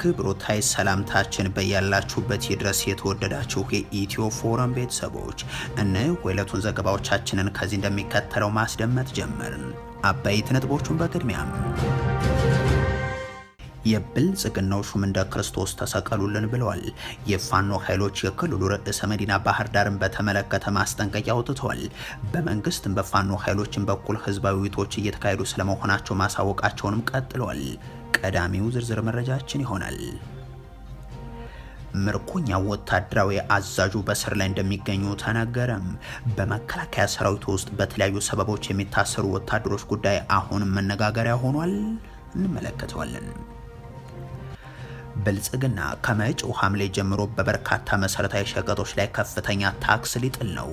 አክብሮታይ ሰላምታችን በያላችሁበት ይድረስ። የተወደዳችሁ የኢትዮ ፎረም ቤተሰቦች እነ ሁለቱን ዘገባዎቻችንን ከዚህ እንደሚከተለው ማስደመጥ ጀመርን። አበይት ነጥቦቹን በቅድሚያም የብልጽግናው ሹም እንደ ክርስቶስ ተሰቀሉልን ብለዋል። የፋኖ ኃይሎች የክልሉ ርዕሰ መዲና ባህር ዳርን በተመለከተ ማስጠንቀቂያ አውጥተዋል። በመንግስትም በፋኖ ኃይሎችን በኩል ህዝባዊ ውይይቶች እየተካሄዱ ስለመሆናቸው ማሳወቃቸውንም ቀጥለዋል። ቀዳሚው ዝርዝር መረጃችን ይሆናል። ምርኮኛ ወታደራዊ አዛዡ በስር ላይ እንደሚገኙ ተነገረም። በመከላከያ ሰራዊት ውስጥ በተለያዩ ሰበቦች የሚታሰሩ ወታደሮች ጉዳይ አሁንም መነጋገሪያ ሆኗል። እንመለከተዋለን። ብልጽግና ከመጪው ሐምሌ ጀምሮ በበርካታ መሰረታዊ ሸቀጦች ላይ ከፍተኛ ታክስ ሊጥል ነው።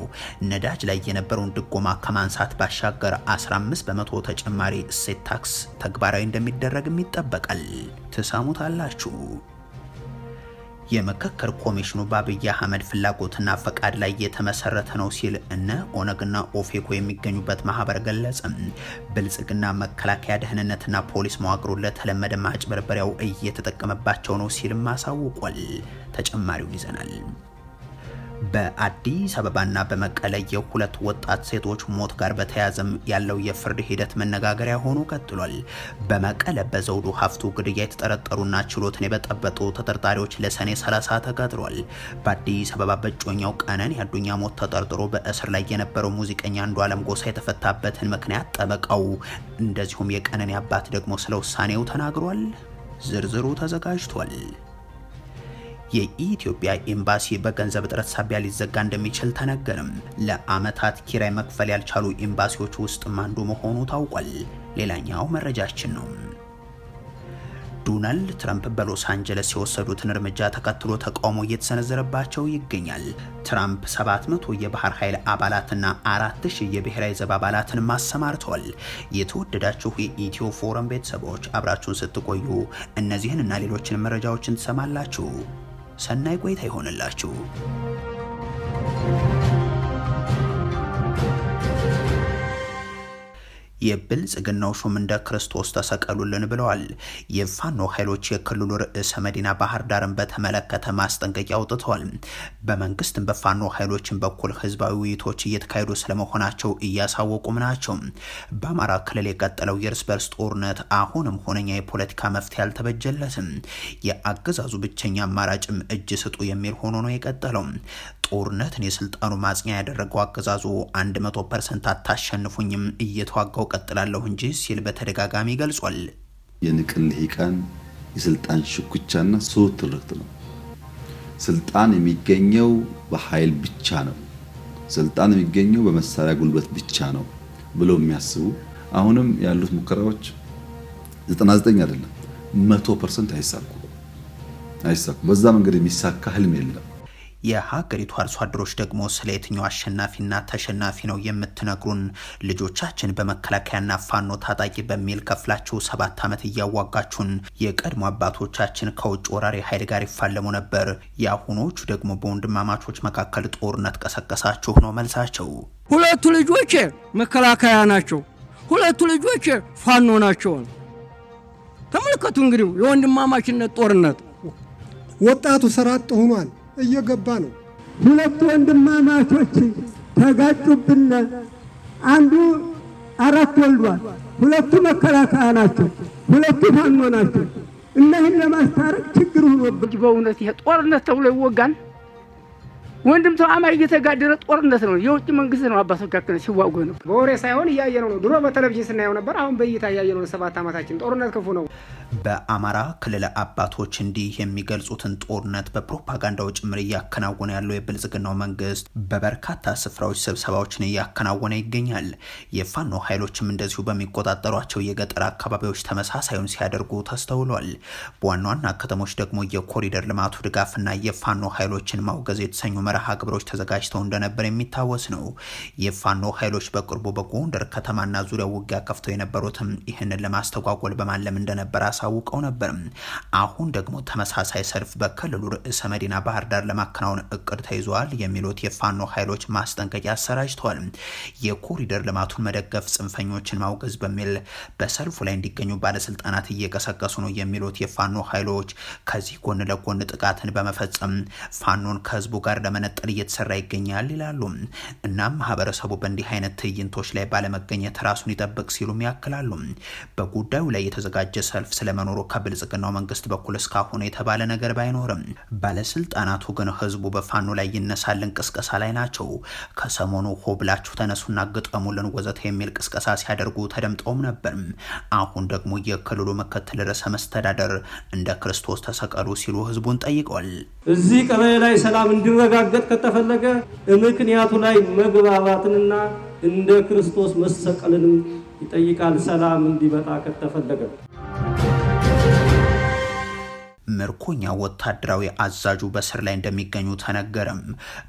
ነዳጅ ላይ የነበረውን ድጎማ ከማንሳት ባሻገር 15 በመቶ ተጨማሪ እሴት ታክስ ተግባራዊ እንደሚደረግም ይጠበቃል። ትሰሙታላችሁ። የምክክር ኮሚሽኑ በአብይ አህመድ ፍላጎትና ፈቃድ ላይ የተመሰረተ ነው ሲል እነ ኦነግና ኦፌኮ የሚገኙበት ማህበር ገለጸም። ብልጽግና መከላከያ፣ ደህንነትና ፖሊስ መዋቅሩ ለተለመደ ማጭበርበሪያው እየተጠቀመባቸው ነው ሲልም አሳውቋል። ተጨማሪውን ይዘናል። በአዲስ አበባና በመቀለ የሁለት ወጣት ሴቶች ሞት ጋር በተያያዘም ያለው የፍርድ ሂደት መነጋገሪያ ሆኖ ቀጥሏል። በመቀለ በዘውዱ ሀፍቱ ግድያ የተጠረጠሩና ችሎትን የበጠበጡ ተጠርጣሪዎች ለሰኔ 30 ተቀጥሯል። በአዲስ አበባ በጮኛው ቀነን አዱኛ ሞት ተጠርጥሮ በእስር ላይ የነበረው ሙዚቀኛ አንዱ አለም ጎሳ የተፈታበትን ምክንያት ጠበቃው፣ እንደዚሁም የቀነን አባት ደግሞ ስለ ውሳኔው ተናግሯል። ዝርዝሩ ተዘጋጅቷል። የኢትዮጵያ ኤምባሲ በገንዘብ እጥረት ሳቢያ ሊዘጋ እንደሚችል ተነገርም። ለአመታት ኪራይ መክፈል ያልቻሉ ኤምባሲዎች ውስጥም አንዱ መሆኑ ታውቋል። ሌላኛው መረጃችን ነው። ዶናልድ ትራምፕ በሎስ አንጀለስ የወሰዱትን እርምጃ ተከትሎ ተቃውሞ እየተሰነዘረባቸው ይገኛል። ትራምፕ 700 የባህር ኃይል አባላትና 4000 የብሔራዊ ዘብ አባላትን ማሰማርተዋል። የተወደዳችሁ የኢትዮ ፎረም ቤተሰቦች አብራችሁን ስትቆዩ እነዚህን እና ሌሎችን መረጃዎችን ትሰማላችሁ። ሰናይ ቆይታ ይሆንላችሁ። የብልጽግናው ሹም እንደ ክርስቶስ ተሰቀሉልን ብለዋል። የፋኖ ኃይሎች የክልሉ ርዕሰ መዲና ባህር ዳርን በተመለከተ ማስጠንቀቂያ አውጥተዋል። በመንግስትም በፋኖ ኃይሎችን በኩል ህዝባዊ ውይይቶች እየተካሄዱ ስለመሆናቸው እያሳወቁም ናቸው። በአማራ ክልል የቀጠለው የእርስ በርስ ጦርነት አሁንም ሆነኛ የፖለቲካ መፍትሄ አልተበጀለትም። የአገዛዙ ብቸኛ አማራጭም እጅ ስጡ የሚል ሆኖ ነው የቀጠለው። ጦርነትን የስልጣኑ ማጽኛ ያደረገው አገዛዙ 100 ፐርሰንት አታሸንፉኝም እየተዋጋው ቀጥላለሁ እንጂ ሲል በተደጋጋሚ ገልጿል። የንቅል ልሂቃን የስልጣን ሽኩቻና ስሁት ትርክት ነው። ስልጣን የሚገኘው በኃይል ብቻ ነው፣ ስልጣን የሚገኘው በመሳሪያ ጉልበት ብቻ ነው ብለው የሚያስቡ አሁንም ያሉት ሙከራዎች 99 አይደለም 100 ፐርሰንት አይሳኩ በዛ መንገድ የሚሳካ ህልም የለም። የሀገሪቱ አርሶ አደሮች ደግሞ ስለ የትኛው አሸናፊና ተሸናፊ ነው የምትነግሩን? ልጆቻችን በመከላከያና ፋኖ ታጣቂ በሚል ከፍላችሁ ሰባት ዓመት እያዋጋችሁን፣ የቀድሞ አባቶቻችን ከውጭ ወራሪ ኃይል ጋር ይፋለሙ ነበር። የአሁኖቹ ደግሞ በወንድማማቾች መካከል ጦርነት ቀሰቀሳችሁ ነው መልሳቸው። ሁለቱ ልጆች መከላከያ ናቸው፣ ሁለቱ ልጆች ፋኖ ናቸው። ተመልከቱ እንግዲህ የወንድማማችነት ጦርነት ወጣቱ ሰራጥ ሆኗል። እየገባ ነው። ሁለት ወንድማማቾች ተጋጩብን። አንዱ አራት ወልዷል። ሁለቱ መከላከያ ናቸው፣ ሁለቱ ፋኖ ናቸው። እነህን ለማስታረቅ ችግር ሆኖብን በእውነት ይሄ ጦርነት ተብሎ ይወጋል። ወንድም ተአማይ እየተጋደረ ጦርነት ነው። የውጭ መንግስት ነው አባቶቻችን ሲዋጉ ነው። በወሬ ሳይሆን እያየ ነው። ድሮ በቴሌቪዥን ስናየው ነበር፣ አሁን በእይታ እያየ ነው። ሰባት ዓመታችን ጦርነት ክፉ ነው። በአማራ ክልል አባቶች እንዲህ የሚገልጹትን ጦርነት በፕሮፓጋንዳው ጭምር እያከናወነ ያለው የብልጽግናው መንግስት በበርካታ ስፍራዎች ስብሰባዎችን እያከናወነ ይገኛል። የፋኖ ኃይሎችም እንደዚሁ በሚቆጣጠሯቸው የገጠር አካባቢዎች ተመሳሳዩን ሲያደርጉ ተስተውሏል። በዋና ዋና ከተሞች ደግሞ የኮሪደር ልማቱ ድጋፍና የፋኖ ኃይሎችን ማውገዝ የተሰኙ መራ መርሃ ግብሮች ተዘጋጅተው እንደነበር የሚታወስ ነው። የፋኖ ኃይሎች በቅርቡ በጎንደር ከተማና ዙሪያው ውጊያ ከፍተው የነበሩትም ይህንን ለማስተጓጎል በማለም እንደነበር አሳውቀው ነበር። አሁን ደግሞ ተመሳሳይ ሰልፍ በክልሉ ርዕሰ መዲና ባህር ዳር ለማከናወን እቅድ ተይዘዋል የሚሉት የፋኖ ኃይሎች ማስጠንቀቂያ አሰራጅተዋል። የኮሪደር ልማቱን መደገፍ፣ ጽንፈኞችን ማውገዝ በሚል በሰልፉ ላይ እንዲገኙ ባለስልጣናት እየቀሰቀሱ ነው የሚሉት የፋኖ ኃይሎች ከዚህ ጎን ለጎን ጥቃትን በመፈጸም ፋኖን ከህዝቡ ጋር ለመነ እንዲገነጠል እየተሰራ ይገኛል ይላሉ። እናም ማህበረሰቡ በእንዲህ አይነት ትዕይንቶች ላይ ባለመገኘት ራሱን ይጠብቅ ሲሉም ያክላሉ። በጉዳዩ ላይ የተዘጋጀ ሰልፍ ስለመኖሩ ከብልጽግናው መንግስት በኩል እስካሁን የተባለ ነገር ባይኖርም ባለስልጣናቱ ግን ህዝቡ በፋኖ ላይ ይነሳል ቅስቀሳ ላይ ናቸው። ከሰሞኑ ሆ ብላችሁ ተነሱና ግጠሙልን ወዘተ የሚል ቅስቀሳ ሲያደርጉ ተደምጠውም ነበር። አሁን ደግሞ የክልሉ ምክትል ርዕሰ መስተዳደር እንደ ክርስቶስ ተሰቀሉ ሲሉ ህዝቡን ጠይቀዋል። እዚህ ቀበሌ ላይ ሰላም እንዲረጋጋ ማረጋገጥ ከተፈለገ ምክንያቱ ላይ መግባባትንና እንደ ክርስቶስ መሰቀልንም ይጠይቃል። ሰላም እንዲመጣ ከተፈለገ ምርኮኛ ወታደራዊ አዛዡ በስር ላይ እንደሚገኙ ተነገረም።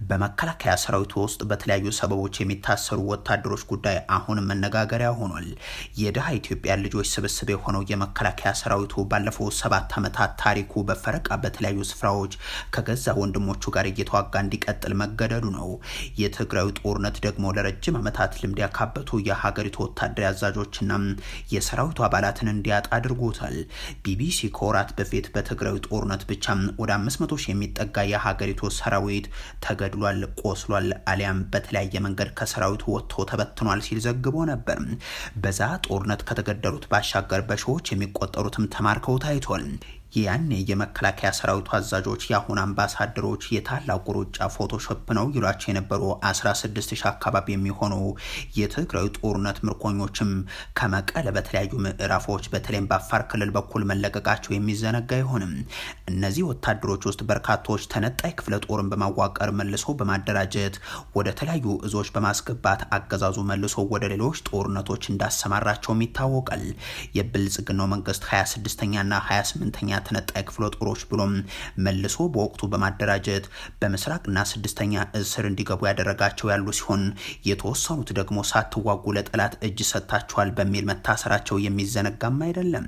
በመከላከያ ሰራዊቱ ውስጥ በተለያዩ ሰበቦች የሚታሰሩ ወታደሮች ጉዳይ አሁን መነጋገሪያ ሆኗል። የድሃ ኢትዮጵያ ልጆች ስብስብ የሆነው የመከላከያ ሰራዊቱ ባለፈው ሰባት ዓመታት ታሪኩ በፈረቃ በተለያዩ ስፍራዎች ከገዛ ወንድሞቹ ጋር እየተዋጋ እንዲቀጥል መገደዱ ነው። የትግራዩ ጦርነት ደግሞ ለረጅም ዓመታት ልምድ ያካበቱ የሀገሪቱ ወታደራዊ አዛዦችና የሰራዊቱ አባላትን እንዲያጣ አድርጎታል። ቢቢሲ ከወራት በፊት በትግራ በወታደራዊ ጦርነት ብቻ ወደ 500 ሺህ የሚጠጋ የሀገሪቱ ሰራዊት ተገድሏል፣ ቆስሏል፣ አሊያም በተለያየ መንገድ ከሰራዊቱ ወጥቶ ተበትኗል ሲል ዘግቦ ነበር። በዛ ጦርነት ከተገደሉት ባሻገር በሺዎች የሚቆጠሩትም ተማርከው ታይቷል። ያኔ የመከላከያ ሰራዊቱ አዛዦች የአሁን አምባሳደሮች የታላቁ ሩጫ ፎቶሾፕ ነው ይሏቸው የነበሩ 16 ሺህ አካባቢ የሚሆኑ የትግራዩ ጦርነት ምርኮኞችም ከመቀለ በተለያዩ ምዕራፎች በተለይም በአፋር ክልል በኩል መለቀቃቸው የሚዘነጋ አይሆንም። እነዚህ ወታደሮች ውስጥ በርካቶች ተነጣይ ክፍለ ጦርን በማዋቀር መልሶ በማደራጀት ወደ ተለያዩ እዞች በማስገባት አገዛዙ መልሶ ወደ ሌሎች ጦርነቶች እንዳሰማራቸውም ይታወቃል። የብልጽግናው መንግስት 26ኛና 28ኛ ተነጣይ ክፍለ ጦሮች ብሎም መልሶ በወቅቱ በማደራጀት በምስራቅና ስድስተኛ እስር እንዲገቡ ያደረጋቸው ያሉ ሲሆን የተወሰኑት ደግሞ ሳትዋጉ ለጠላት እጅ ሰጥታችኋል በሚል መታሰራቸው የሚዘነጋም አይደለም።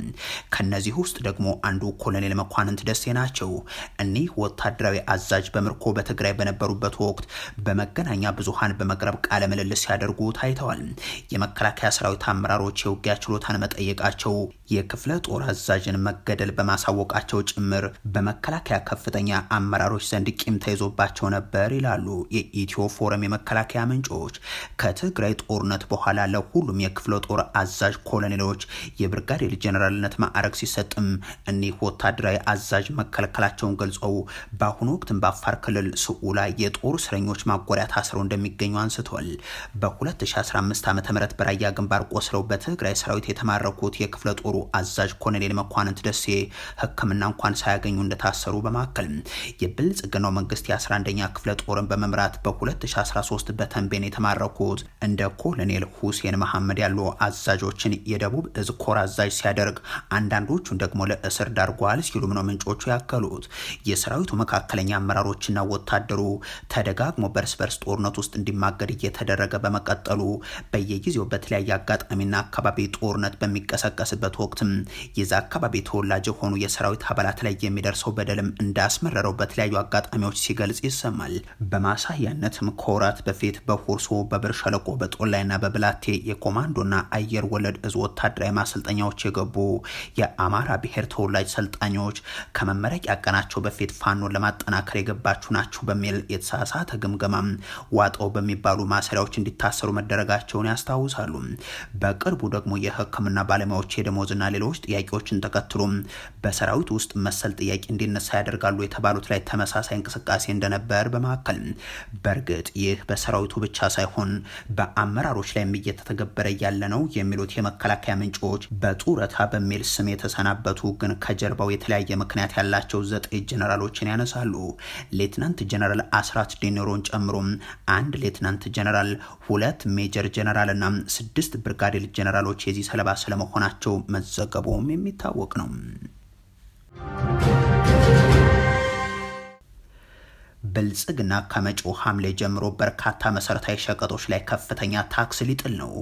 ከነዚህ ውስጥ ደግሞ አንዱ ኮሎኔል መኳንንት ደሴ ናቸው። እኒህ ወታደራዊ አዛዥ በምርኮ በትግራይ በነበሩበት ወቅት በመገናኛ ብዙሃን በመቅረብ ቃለ ምልልስ ሲያደርጉ ታይተዋል። የመከላከያ ሰራዊት አመራሮች የውጊያ ችሎታን መጠየቃቸው የክፍለ ጦር አዛዥን መገደል በማሳወቅ ማሳወቃቸው ጭምር በመከላከያ ከፍተኛ አመራሮች ዘንድ ቂም ተይዞባቸው ነበር ይላሉ የኢትዮ ፎረም የመከላከያ ምንጮች። ከትግራይ ጦርነት በኋላ ለሁሉም የክፍለ ጦር አዛዥ ኮሎኔሎች የብርጋዴር ጀኔራልነት ማዕረግ ሲሰጥም እኒህ ወታደራዊ አዛዥ መከልከላቸውን ገልጸው በአሁኑ ወቅትም በአፋር ክልል ስዑ ላይ የጦር እስረኞች ማጎሪያ ታስረው እንደሚገኙ አንስተዋል። በ2015 ዓ ም በራያ ግንባር ቆስለው በትግራይ ሰራዊት የተማረኩት የክፍለ ጦሩ አዛዥ ኮሎኔል መኳንንት ደሴ ሕክምና እንኳን ሳያገኙ እንደታሰሩ በማከል የብልጽግናው መንግስት የ11ኛ ክፍለ ጦርን በመምራት በ2013 በተንቤን የተማረኩት እንደ ኮሎኔል ሁሴን መሐመድ ያሉ አዛዦችን የደቡብ እዝ ኮር አዛዥ ሲያደርግ አንዳንዶቹን ደግሞ ለእስር ዳርጓል ሲሉም ነው ምንጮቹ ያከሉት። የሰራዊቱ መካከለኛ አመራሮችና ወታደሩ ተደጋግሞ በርስ በርስ ጦርነት ውስጥ እንዲማገድ እየተደረገ በመቀጠሉ በየጊዜው በተለያየ አጋጣሚና አካባቢ ጦርነት በሚቀሰቀስበት ወቅትም የዛ አካባቢ ተወላጅ የሆኑ ሰራዊት አባላት ላይ የሚደርሰው በደልም እንዳስመረረው በተለያዩ አጋጣሚዎች ሲገልጽ ይሰማል። በማሳያነትም ከወራት በፊት በሁርሶ በብር ሸለቆ በጦላይና በብላቴ የኮማንዶና አየር ወለድ እዝ ወታደራዊ ማሰልጠኛዎች የገቡ የአማራ ብሔር ተወላጅ ሰልጣኞች ከመመረቂያ ቀናቸው በፊት ፋኖን ለማጠናከር የገባችሁ ናችሁ በሚል የተሳሳተ ግምገማም ዋጠው በሚባሉ ማሰሪያዎች እንዲታሰሩ መደረጋቸውን ያስታውሳሉ። በቅርቡ ደግሞ የሕክምና ባለሙያዎች የደሞዝና ሌሎች ጥያቄዎችን ተከትሎ በሰራ ሰራዊት ውስጥ መሰል ጥያቄ እንዲነሳ ያደርጋሉ የተባሉት ላይ ተመሳሳይ እንቅስቃሴ እንደነበር በመካከል በእርግጥ ይህ በሰራዊቱ ብቻ ሳይሆን በአመራሮች ላይም እየተተገበረ ያለ ነው የሚሉት የመከላከያ ምንጮች በጡረታ በሚል ስም የተሰናበቱ ግን ከጀርባው የተለያየ ምክንያት ያላቸው ዘጠኝ ጀነራሎችን ያነሳሉ። ሌትናንት ጀነራል አስራት ዴኔሮን ጨምሮ አንድ ሌትናንት ጀነራል፣ ሁለት ሜጀር ጀነራል እና ስድስት ብርጋዴር ጀነራሎች የዚህ ሰለባ ስለመሆናቸው መዘገቡም የሚታወቅ ነው። ብልጽግና ከመጪው ሐምሌ ጀምሮ በርካታ መሰረታዊ ሸቀጦች ላይ ከፍተኛ ታክስ ሊጥል ነው።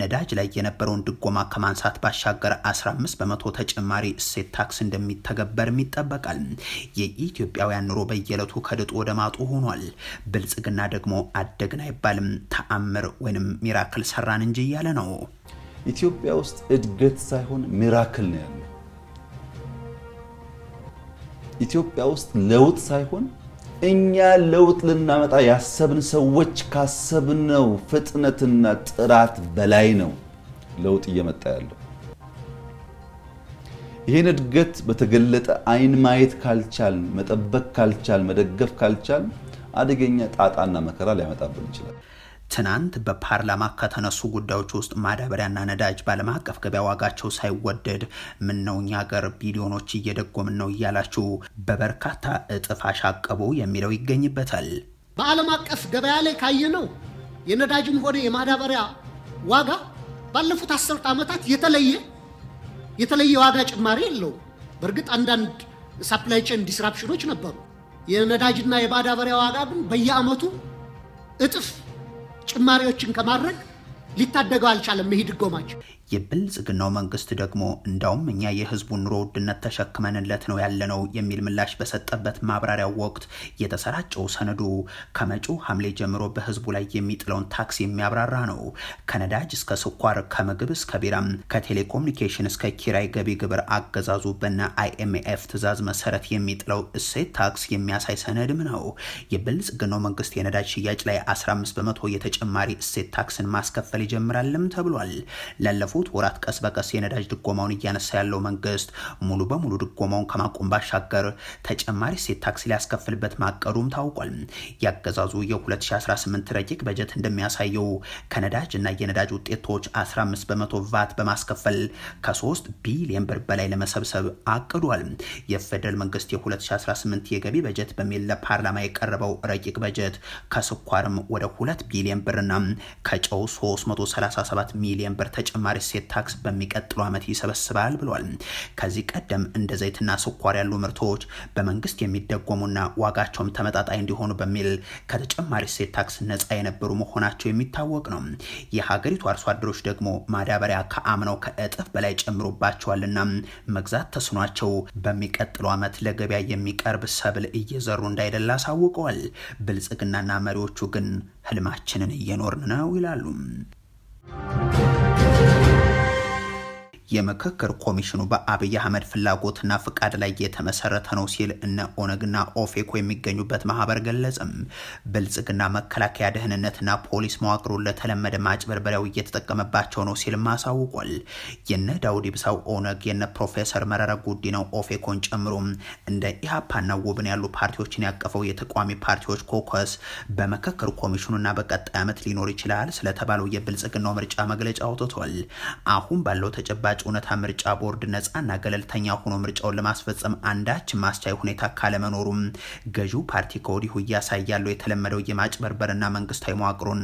ነዳጅ ላይ የነበረውን ድጎማ ከማንሳት ባሻገር 15 በመቶ ተጨማሪ እሴት ታክስ እንደሚተገበርም ይጠበቃል። የኢትዮጵያውያን ኑሮ በየዕለቱ ከድጡ ወደ ማጡ ሆኗል። ብልጽግና ደግሞ አደግን አይባልም ተአምር ወይንም ሚራክል ሰራን እንጂ እያለ ነው። ኢትዮጵያ ውስጥ እድገት ሳይሆን ሚራክል ነው ያለው። ኢትዮጵያ ውስጥ ለውጥ ሳይሆን እኛ ለውጥ ልናመጣ ያሰብን ሰዎች ካሰብነው ፍጥነትና ጥራት በላይ ነው ለውጥ እየመጣ ያለው። ይህን እድገት በተገለጠ አይን ማየት ካልቻል፣ መጠበቅ ካልቻል፣ መደገፍ ካልቻል አደገኛ ጣጣና መከራ ሊያመጣብን ይችላል። ትናንት በፓርላማ ከተነሱ ጉዳዮች ውስጥ ማዳበሪያና ነዳጅ በዓለም አቀፍ ገበያ ዋጋቸው ሳይወደድ ምነው እኛ ሀገር ቢሊዮኖች እየደጎምን ነው እያላችሁ በበርካታ እጥፍ አሻቀቡ የሚለው ይገኝበታል። በዓለም አቀፍ ገበያ ላይ ካየነው የነዳጅም ሆነ የማዳበሪያ ዋጋ ባለፉት አስርት ዓመታት የተለየ የተለየ ዋጋ ጭማሪ የለው። በእርግጥ አንዳንድ ሳፕላይ ቼን ዲስራፕሽኖች ነበሩ። የነዳጅና የማዳበሪያ ዋጋ ግን በየዓመቱ እጥፍ ጭማሪዎችን ከማድረግ ሊታደገው አልቻለም። መሄድ ድጎማቸው የብልጽግናው መንግስት ደግሞ እንዳውም እኛ የህዝቡን ኑሮ ውድነት ተሸክመንለት ነው ያለነው የሚል ምላሽ በሰጠበት ማብራሪያው ወቅት የተሰራጨው ሰነዱ ከመጪው ሐምሌ ጀምሮ በህዝቡ ላይ የሚጥለውን ታክስ የሚያብራራ ነው። ከነዳጅ እስከ ስኳር፣ ከምግብ እስከ ቢራም፣ ከቴሌኮሙኒኬሽን እስከ ኪራይ ገቢ ግብር አገዛዙ በነ አይኤምኤፍ ትእዛዝ መሰረት የሚጥለው እሴት ታክስ የሚያሳይ ሰነድም ነው። የብልጽግናው መንግስት የነዳጅ ሽያጭ ላይ 15 በመቶ የተጨማሪ እሴት ታክስን ማስከፈል ይጀምራልም ተብሏል። ላለፉ ባለፉት ወራት ቀስ በቀስ የነዳጅ ድጎማውን እያነሳ ያለው መንግስት ሙሉ በሙሉ ድጎማውን ከማቆም ባሻገር ተጨማሪ እሴት ታክስ ሊያስከፍልበት ማቀዱም ታውቋል። ያገዛዙ የ2018 ረቂቅ በጀት እንደሚያሳየው ከነዳጅ እና የነዳጅ ውጤቶች 15 በመቶ ቫት በማስከፈል ከ3 ቢሊዮን ብር በላይ ለመሰብሰብ አቅዷል። የፌደራል መንግስት የ2018 የገቢ በጀት በሚል ለፓርላማ የቀረበው ረቂቅ በጀት ከስኳርም ወደ 2 ቢሊዮን ብርና ከጨው 337 ሚሊዮን ብር ተጨማሪ የእሴት ታክስ በሚቀጥሉ ዓመት ይሰበስባል ብሏል። ከዚህ ቀደም እንደ ዘይትና ስኳር ያሉ ምርቶች በመንግስት የሚደጎሙና ዋጋቸውም ተመጣጣኝ እንዲሆኑ በሚል ከተጨማሪ እሴት ታክስ ነጻ የነበሩ መሆናቸው የሚታወቅ ነው። የሀገሪቱ አርሶ አደሮች ደግሞ ማዳበሪያ ከአምነው ከእጥፍ በላይ ጨምሮባቸዋልና መግዛት ተስኗቸው በሚቀጥሉ ዓመት ለገበያ የሚቀርብ ሰብል እየዘሩ እንዳይደላ አሳውቀዋል። ብልጽግናና መሪዎቹ ግን ህልማችንን እየኖርን ነው ይላሉ። የምክክር ኮሚሽኑ በአብይ አህመድ ፍላጎትና ፍቃድ ላይ የተመሰረተ ነው ሲል እነ ኦነግና ኦፌኮ የሚገኙበት ማህበር ገለጽም። ብልጽግና መከላከያ፣ ደህንነትና ፖሊስ መዋቅሩን ለተለመደ ማጭበርበሪያው እየተጠቀመባቸው ነው ሲልም አሳውቋል። የነ ዳውድ ኢብሳው ኦነግ የነ ፕሮፌሰር መረራ ጉዲናው ኦፌኮን ጨምሮ እንደ ኢህአፓና ውብን ያሉ ፓርቲዎችን ያቀፈው የተቃዋሚ ፓርቲዎች ኮከስ በምክክር ኮሚሽኑና በቀጣይ ዓመት ሊኖር ይችላል ስለተባለው የብልጽግናው ምርጫ መግለጫ አውጥቷል። አሁን ባለው ተጨባ የመራጭ እውነታ ምርጫ ቦርድ ነፃና ገለልተኛ ሆኖ ምርጫውን ለማስፈጸም አንዳች ማስቻይ ሁኔታ ካለመኖሩም ገዢው ፓርቲ ከወዲሁ እያሳያለው የተለመደው የማጭበርበርና መንግስታዊ መዋቅሩን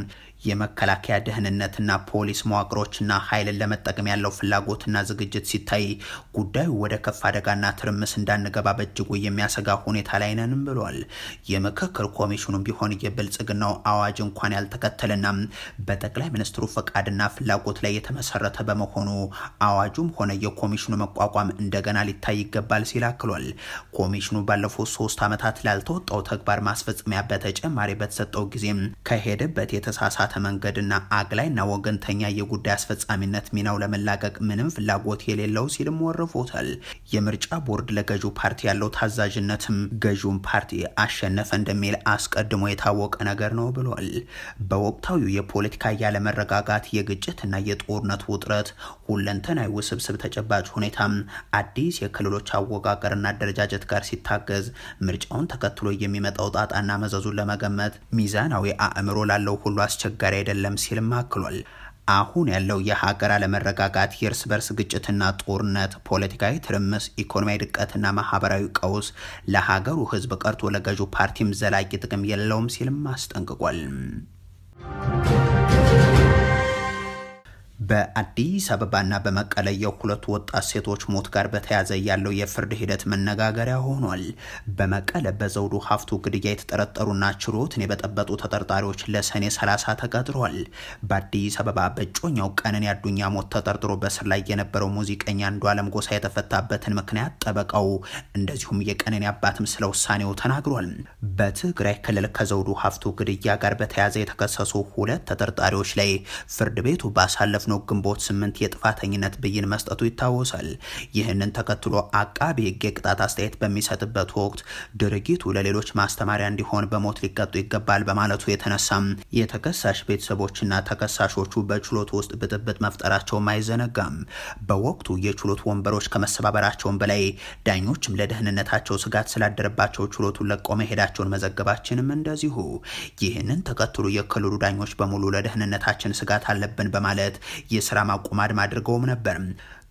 የመከላከያ ደህንነትና ፖሊስ መዋቅሮችና ኃይልን ለመጠቀም ያለው ፍላጎትና ዝግጅት ሲታይ ጉዳዩ ወደ ከፍ አደጋና ትርምስ እንዳንገባ በእጅጉ የሚያሰጋ ሁኔታ ላይ ነንም ብሏል። የምክክር ኮሚሽኑ ቢሆን የብልጽግናው አዋጅ እንኳን ያልተከተለና በጠቅላይ ሚኒስትሩ ፈቃድና ፍላጎት ላይ የተመሰረተ በመሆኑ አዋጁም ሆነ የኮሚሽኑ መቋቋም እንደገና ሊታይ ይገባል ሲል አክሏል። ኮሚሽኑ ባለፉት ሶስት ዓመታት ላልተወጣው ተግባር ማስፈጸሚያ በተጨማሪ በተሰጠው ጊዜም ከሄደበት የተሳሳ ስርዓተ መንገድና አግላይና ወገንተኛ የጉዳይ አስፈጻሚነት ሚናው ለመላቀቅ ምንም ፍላጎት የሌለው ሲልም ወርፎታል። የምርጫ ቦርድ ለገዢው ፓርቲ ያለው ታዛዥነትም ገዢውን ፓርቲ አሸነፈ እንደሚል አስቀድሞ የታወቀ ነገር ነው ብሏል። በወቅታዊው የፖለቲካ ያለመረጋጋት፣ የግጭትና የጦርነት ውጥረት ሁለንተናዊ ውስብስብ ተጨባጭ ሁኔታም አዲስ የክልሎች አወቃቀርና አደረጃጀት ጋር ሲታገዝ ምርጫውን ተከትሎ የሚመጣው ጣጣና መዘዙን ለመገመት ሚዛናዊ አእምሮ ላለው ሁሉ አስቸግ አስቸጋሪ አይደለም ሲልም አክሏል። አሁን ያለው የሀገር አለመረጋጋት፣ የእርስ በርስ ግጭትና ጦርነት፣ ፖለቲካዊ ትርምስ፣ ኢኮኖሚያዊ ድቀትና ማህበራዊ ቀውስ ለሀገሩ ህዝብ ቀርቶ ለገዢው ፓርቲም ዘላቂ ጥቅም የለውም ሲልም አስጠንቅቋል። በአዲስ አበባና በመቀለ የሁለቱ ወጣት ሴቶች ሞት ጋር በተያዘ ያለው የፍርድ ሂደት መነጋገሪያ ሆኗል። በመቀለ በዘውዱ ሀፍቱ ግድያ የተጠረጠሩና ችሎትን የበጠበጡ ተጠርጣሪዎች ለሰኔ 30 ተቀጥሯል። በአዲስ አበባ በእጮኛው ቀንን አዱኛ ሞት ተጠርጥሮ በስር ላይ የነበረው ሙዚቀኛ አለም ጎሳ የተፈታበትን ምክንያት ጠበቃው እንደዚሁም የቀንን አባትም ስለ ውሳኔው ተናግሯል። በትግራይ ክልል ከዘውዱ ሀፍቱ ግድያ ጋር በተያዘ የተከሰሱ ሁለት ተጠርጣሪዎች ላይ ፍርድ ቤቱ ባሳለፉ ነው ግንቦት ስምንት የጥፋተኝነት ብይን መስጠቱ ይታወሳል። ይህንን ተከትሎ አቃቢ ሕግ የቅጣት አስተያየት በሚሰጥበት ወቅት ድርጊቱ ለሌሎች ማስተማሪያ እንዲሆን በሞት ሊቀጡ ይገባል በማለቱ የተነሳም የተከሳሽ ቤተሰቦችና ተከሳሾቹ በችሎቱ ውስጥ ብጥብጥ መፍጠራቸውም አይዘነጋም። በወቅቱ የችሎት ወንበሮች ከመሰባበራቸውን በላይ ዳኞችም ለደህንነታቸው ስጋት ስላደረባቸው ችሎቱን ለቆ መሄዳቸውን መዘገባችንም እንደዚሁ። ይህንን ተከትሎ የክልሉ ዳኞች በሙሉ ለደህንነታችን ስጋት አለብን በማለት የስራ ማቆም አድማ አድርገውም ነበር።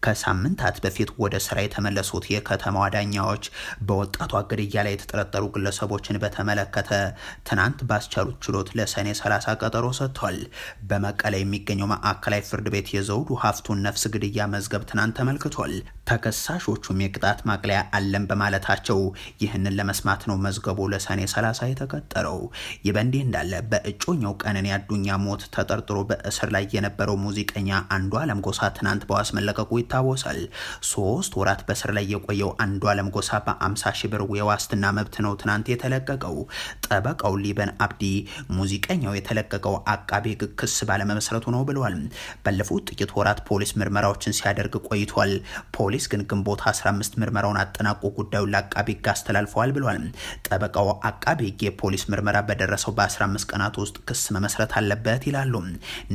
ከሳምንታት በፊት ወደ ስራ የተመለሱት የከተማዋ ዳኛዎች በወጣቷ ግድያ ላይ የተጠረጠሩ ግለሰቦችን በተመለከተ ትናንት ባስቻሉት ችሎት ለሰኔ 30 ቀጠሮ ሰጥቷል። በመቀለ የሚገኘው ማዕከላዊ ፍርድ ቤት የዘውዱ ሀፍቱን ነፍስ ግድያ መዝገብ ትናንት ተመልክቷል። ተከሳሾቹም የቅጣት ማቅለያ አለን በማለታቸው ይህንን ለመስማት ነው መዝገቡ ለሰኔ 30 የተቀጠረው። ይህ በእንዲህ እንዳለ በእጮኛው ቀነኒ አዱኛ ሞት ተጠርጥሮ በእስር ላይ የነበረው ሙዚቀኛ አንዱ አለም ጎሳ ትናንት በዋስ መለቀቁ ይታ ይታወሳል። ሶስት ወራት በስር ላይ የቆየው አንዱ አለም ጎሳ በአምሳ ሺህ ብር የዋስትና መብት ነው ትናንት የተለቀቀው። ጠበቃው ሊበን አብዲ ሙዚቀኛው የተለቀቀው አቃቤ ሕግ ክስ ባለመመስረቱ ነው ብለዋል። ባለፉት ጥቂት ወራት ፖሊስ ምርመራዎችን ሲያደርግ ቆይቷል። ፖሊስ ግን ግንቦት 15 ምርመራውን አጠናቆ ጉዳዩን ለአቃቤ ሕግ አስተላልፈዋል ብለዋል። ጠበቃው አቃቤ ሕግ የፖሊስ ምርመራ በደረሰው በ15 ቀናት ውስጥ ክስ መመስረት አለበት ይላሉ።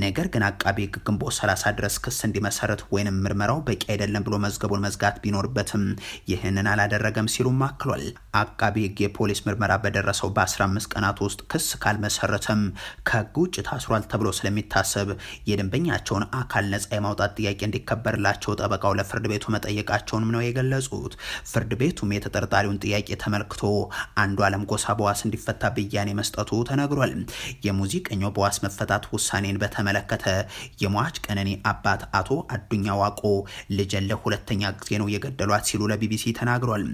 ነገር ግን አቃቤ ሕግ ግንቦት 30 ድረስ ክስ እንዲመሰረት ወይንም ምርመራው በቂ አይደለም ብሎ መዝገቡን መዝጋት ቢኖርበትም ይህንን አላደረገም ሲሉም አክሏል። አቃቢ ህግ የፖሊስ ምርመራ በደረሰው በ15 ቀናት ውስጥ ክስ ካልመሰረተም ከህግ ውጭ ታስሯል ተብሎ ስለሚታሰብ የደንበኛቸውን አካል ነጻ የማውጣት ጥያቄ እንዲከበርላቸው ጠበቃው ለፍርድ ቤቱ መጠየቃቸውንም ነው የገለጹት። ፍርድ ቤቱም የተጠርጣሪውን ጥያቄ ተመልክቶ አንዱ አለም ጎሳ በዋስ እንዲፈታ ብያኔ መስጠቱ ተነግሯል። የሙዚቀኛው በዋስ መፈታት ውሳኔን በተመለከተ የሟች ቀነኔ አባት አቶ አዱኛ ዋቆ ልጀለ ሁለተኛ ጊዜ ነው የገደሏት ሲሉ ለቢቢሲ ተናግሯል።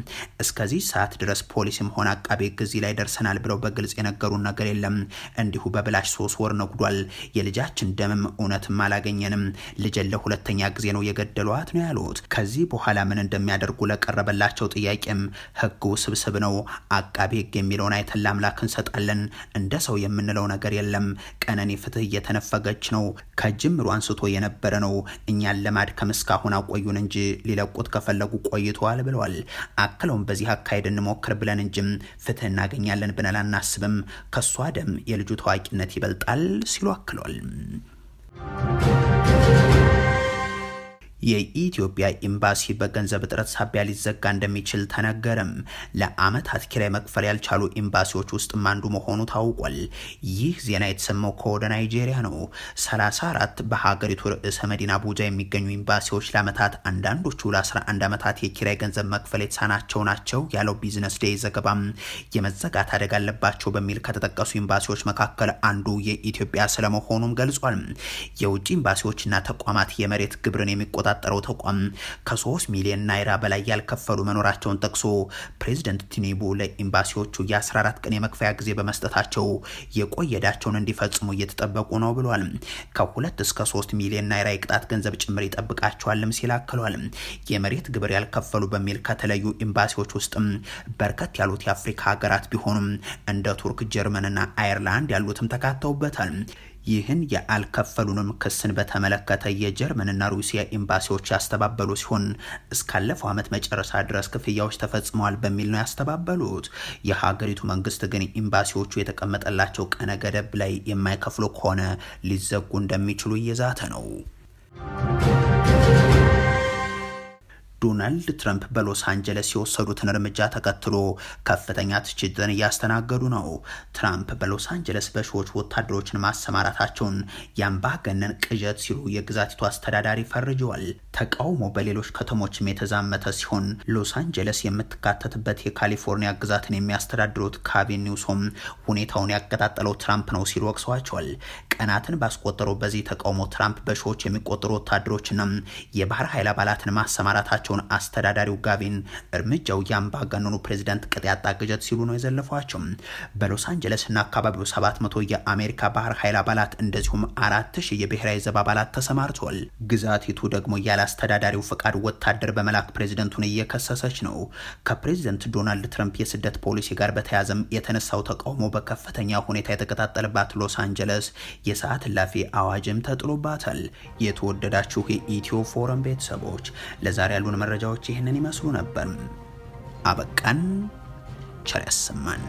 እስከዚህ ሰዓት ድረስ ፖሊስም ሆነ አቃቤ ጊዜ ላይ ደርሰናል ብለው በግልጽ የነገሩን ነገር የለም። እንዲሁ በብላሽ ሶስት ወር ነጉዷል። የልጃችን ደምም እውነትም አላገኘንም። ልጀለ ሁለተኛ ጊዜ ነው የገደሏት ነው ያሉት። ከዚህ በኋላ ምን እንደሚያደርጉ ለቀረበላቸው ጥያቄም ህግ ስብስብ ነው። አቃቤ ህግ የሚለውን አይተን ለአምላክ እንሰጣለን። እንደ ሰው የምንለው ነገር የለም። ቀነኔ ፍትህ እየተነፈገች ነው። ከጅምሩ አንስቶ የነበረ ነው። እኛን ለማድከም እስካሁን እስካሁን አቆዩን እንጂ ሊለቁት ከፈለጉ ቆይተዋል ብለዋል። አክለውም በዚህ አካሄድ እንሞክር ብለን እንጂ ፍትህ እናገኛለን ብለን አናስብም። ከሷ ደም የልጁ ታዋቂነት ይበልጣል ሲሉ አክለዋል። የኢትዮጵያ ኤምባሲ በገንዘብ እጥረት ሳቢያ ሊዘጋ እንደሚችል ተነገረም። ለአመታት ኪራይ መክፈል ያልቻሉ ኤምባሲዎች ውስጥም አንዱ መሆኑ ታውቋል። ይህ ዜና የተሰማው ከወደ ናይጄሪያ ነው። 34 በሀገሪቱ ርዕሰ መዲና አቡጃ የሚገኙ ኤምባሲዎች ለአመታት አንዳንዶቹ ለ11 ዓመታት የኪራይ ገንዘብ መክፈል የተሳናቸው ናቸው ያለው ቢዝነስ ዴይ ዘገባም የመዘጋት አደጋ አለባቸው በሚል ከተጠቀሱ ኤምባሲዎች መካከል አንዱ የኢትዮጵያ ስለመሆኑም ገልጿል። የውጭ ኤምባሲዎችና ተቋማት የመሬት ግብርን የሚቆጣ ለሚቆጣጠረው ተቋም ከሶስት ሚሊዮን ናይራ በላይ ያልከፈሉ መኖራቸውን ጠቅሶ ፕሬዚደንት ቲኒቡ ለኤምባሲዎቹ የ14 ቀን የመክፈያ ጊዜ በመስጠታቸው የቆየዳቸውን እንዲፈጽሙ እየተጠበቁ ነው ብሏል። ከሁለት እስከ ሶስት ሚሊዮን ናይራ የቅጣት ገንዘብ ጭምር ይጠብቃቸዋልም ሲል አክሏል። የመሬት ግብር ያልከፈሉ በሚል ከተለዩ ኤምባሲዎች ውስጥም በርከት ያሉት የአፍሪካ ሀገራት ቢሆኑም እንደ ቱርክ፣ ጀርመንና አየርላንድ ያሉትም ተካተውበታል። ይህን የአልከፈሉንም ክስን በተመለከተ የጀርመንና ሩሲያ ኤምባሲዎች ያስተባበሉ ሲሆን እስካለፈው ዓመት መጨረሻ ድረስ ክፍያዎች ተፈጽመዋል በሚል ነው ያስተባበሉት። የሀገሪቱ መንግስት ግን ኤምባሲዎቹ የተቀመጠላቸው ቀነ ገደብ ላይ የማይከፍሉ ከሆነ ሊዘጉ እንደሚችሉ እየዛተ ነው። ዶናልድ ትራምፕ በሎስ አንጀለስ የወሰዱትን እርምጃ ተከትሎ ከፍተኛ ትችትን እያስተናገዱ ነው። ትራምፕ በሎስ አንጀለስ በሺዎች ወታደሮችን ማሰማራታቸውን የአምባገነን ቅዠት ሲሉ የግዛቲቱ አስተዳዳሪ ፈርጀዋል። ተቃውሞ በሌሎች ከተሞችም የተዛመተ ሲሆን ሎስ አንጀለስ የምትካተትበት የካሊፎርኒያ ግዛትን የሚያስተዳድሩት ካቪን ኒውሶም ሁኔታውን ያቀጣጠለው ትራምፕ ነው ሲሉ ወቅሰዋቸዋል። ቀናትን ባስቆጠረው በዚህ ተቃውሞ ትራምፕ በሺዎች የሚቆጠሩ ወታደሮችና የባህር ኃይል አባላትን ማሰማራታቸው መሆናቸውን አስተዳዳሪው ጋቪን እርምጃው የአምባገነኑ ፕሬዚዳንት ቅጥ ያጣ ቅዠት ሲሉ ነው የዘለፏቸው። በሎስ አንጀለስና አካባቢው 700 የአሜሪካ ባህር ኃይል አባላት እንደዚሁም 4000 የብሔራዊ ዘብ አባላት ተሰማርተዋል። ግዛቲቱ ደግሞ ያለ አስተዳዳሪው ፈቃድ ወታደር በመላክ ፕሬዚደንቱን እየከሰሰች ነው። ከፕሬዚደንት ዶናልድ ትረምፕ የስደት ፖሊሲ ጋር በተያያዘም የተነሳው ተቃውሞ በከፍተኛ ሁኔታ የተቀጣጠለባት ሎስ አንጀለስ የሰዓት እላፊ አዋጅም ተጥሎባታል። የተወደዳችሁ የኢትዮ ፎረም ቤተሰቦች ለዛሬ ያሉን መረጃዎች ይህንን ይመስሉ ነበር። አበቃን። ቸር ያሰማን።